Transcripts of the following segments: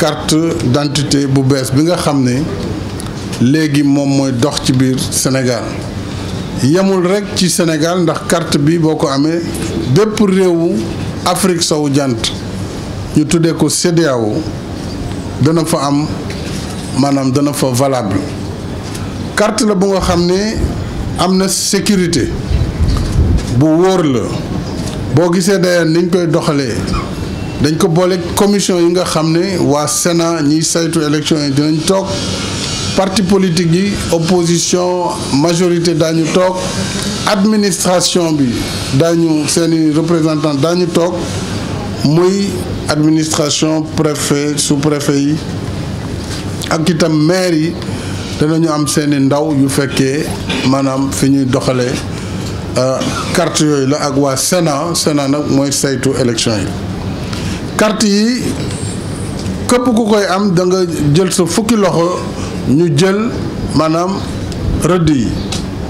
carte d'identité bu bees bi nga xam ne léegi moom mooy dox ci biir Sénégal yamul rek ci Sénégal ndax carte bi boo ko amee bépp réewu Afrique sow jant ñu tuddee ko CEDEAO dana fa am maanaam dana fa valable carte la bu nga xam ne am na sécurité bu wóor la boo gisee d'ailleurs niñ koy doxalee dañ ko boole commission yi nga xam ne waa Sénat ñiy saytu élection yi dinañ toog parti politique yi opposition majorité daañu toog administration bi daañu seeni représentant daañu toog muy administration préfet sous-préfet yi ak itam maire yi danañu am seeni ndaw yu fekkee maanaam fi ñuy doxalee euh, carte yooyu la ak waa Sénat Sénat nag mooy saytu élection yi carte yi képp ku koy am da nga jël sa fukki loxo ñu jël maanaam rëdd yi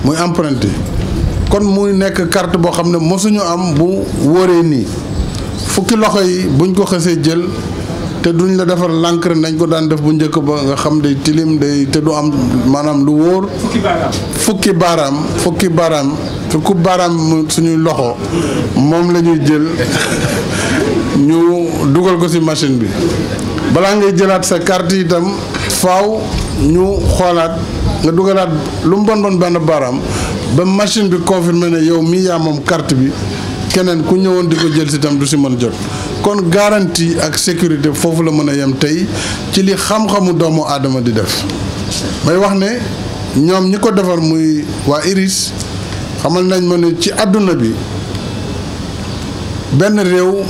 muy empreinte kon muy nekk carte boo xam ne mosuñu am bu wóoree nii fukki loxo yi buñ ko xësee jël te duñ la defar l'encre nañ ko daan def bu njëkk ba nga xam day tilim day te du am maanaam lu wóor. fukki baaraam fukki baaraam fukki baaraam suñuy loxo moom lañuy jël. ñu dugal ko ci machine bi balaa ngay jëlaat sa carte itam faw ñu xoolaat nga dugalaat lu mu bon bon baaraam ba machine bi confirmé ne yow mii yaa moom carte bi keneen ku ñëwoon di ko jël ci itam du si mën jot kon garantie ak sécurité foofu la mën a yem tey ci li xam-xamu doomu aadama di def may wax ne ñoom ñi ko defar muy waa IRIS xamal nañ ma ne ci àdduna bi benn réew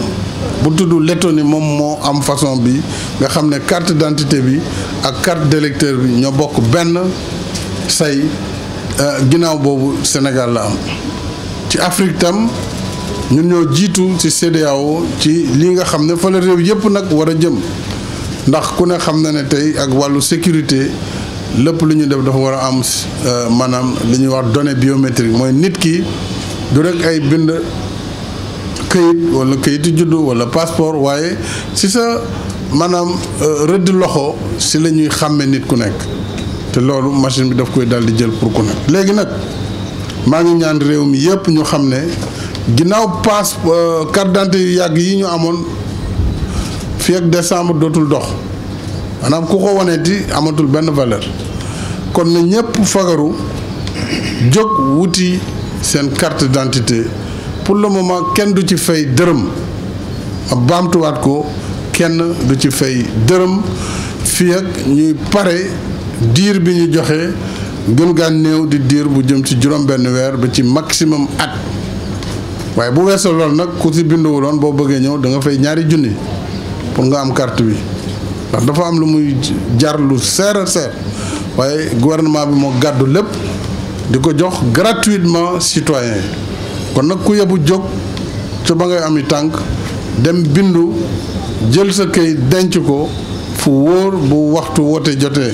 bu tudd Lettonie moom moo am façon bi nga xam ne carte dentité bi ak carte d'électeur bi ñoo bokk benn say euh, ginnaaw boobu Sénégal la am ci Afrique tam ñun ñoo jiitu ci CEDEAO ci li nga xam ne fa la réew yépp nag war a jëm ndax ku ne xam na ne tey ak wàllu sécurité lépp lu ñu def dafa war a am euh, maanaam li ñuy wax données biométriques mooy nit ki du rek ay bind këyit wala këyitu juddu wala passeport waaye si sa maanaam euh, rëdd loxo si la ñuy xàmme nit ku nekk te loolu machine bi daf koy daal di jël pour ku nekk. léegi nag maa ngi ñaan réew mi yëpp ñu xam ne ginnaaw passe euh, carte d'identité yu yàgg yi ñu amoon fii ak décembre dootul dox maanaam ku ko waneeti amatul benn valeur kon na ñëpp fagaru jóg wuti seen carte d'identité. pour le moment kenn du ci fay dërëm a baamtuwaat ko kenn du ci fay dërëm fii ak ñuy pare diir bi ñu joxe gën gaa néew di diir bu jëm ci juróom-benn weer ba ci maximum at waaye bu weesoo loolu nag ku si binduwuloon boo bëggee ñëw da nga fay ñaari junni pour nga am carte bi ndax dafa am lu muy jar lu seer seer waaye gouvernement bi moo gàddu lépp di ko jox gratuitement citoyen kon nag ku yebu jóg ca ba ngay ami tànk dem bindu jël sa këy denc ko fu wóor bu waxtu wote jotee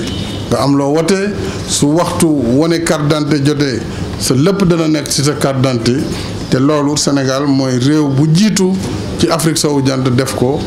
nga am loo wote su waxtu wone carte d'identité jotee sa lépp dana nekk ci sa carte d'identité te loolu Sénégal mooy réew bu jiitu ci Afrique sowu jant def ko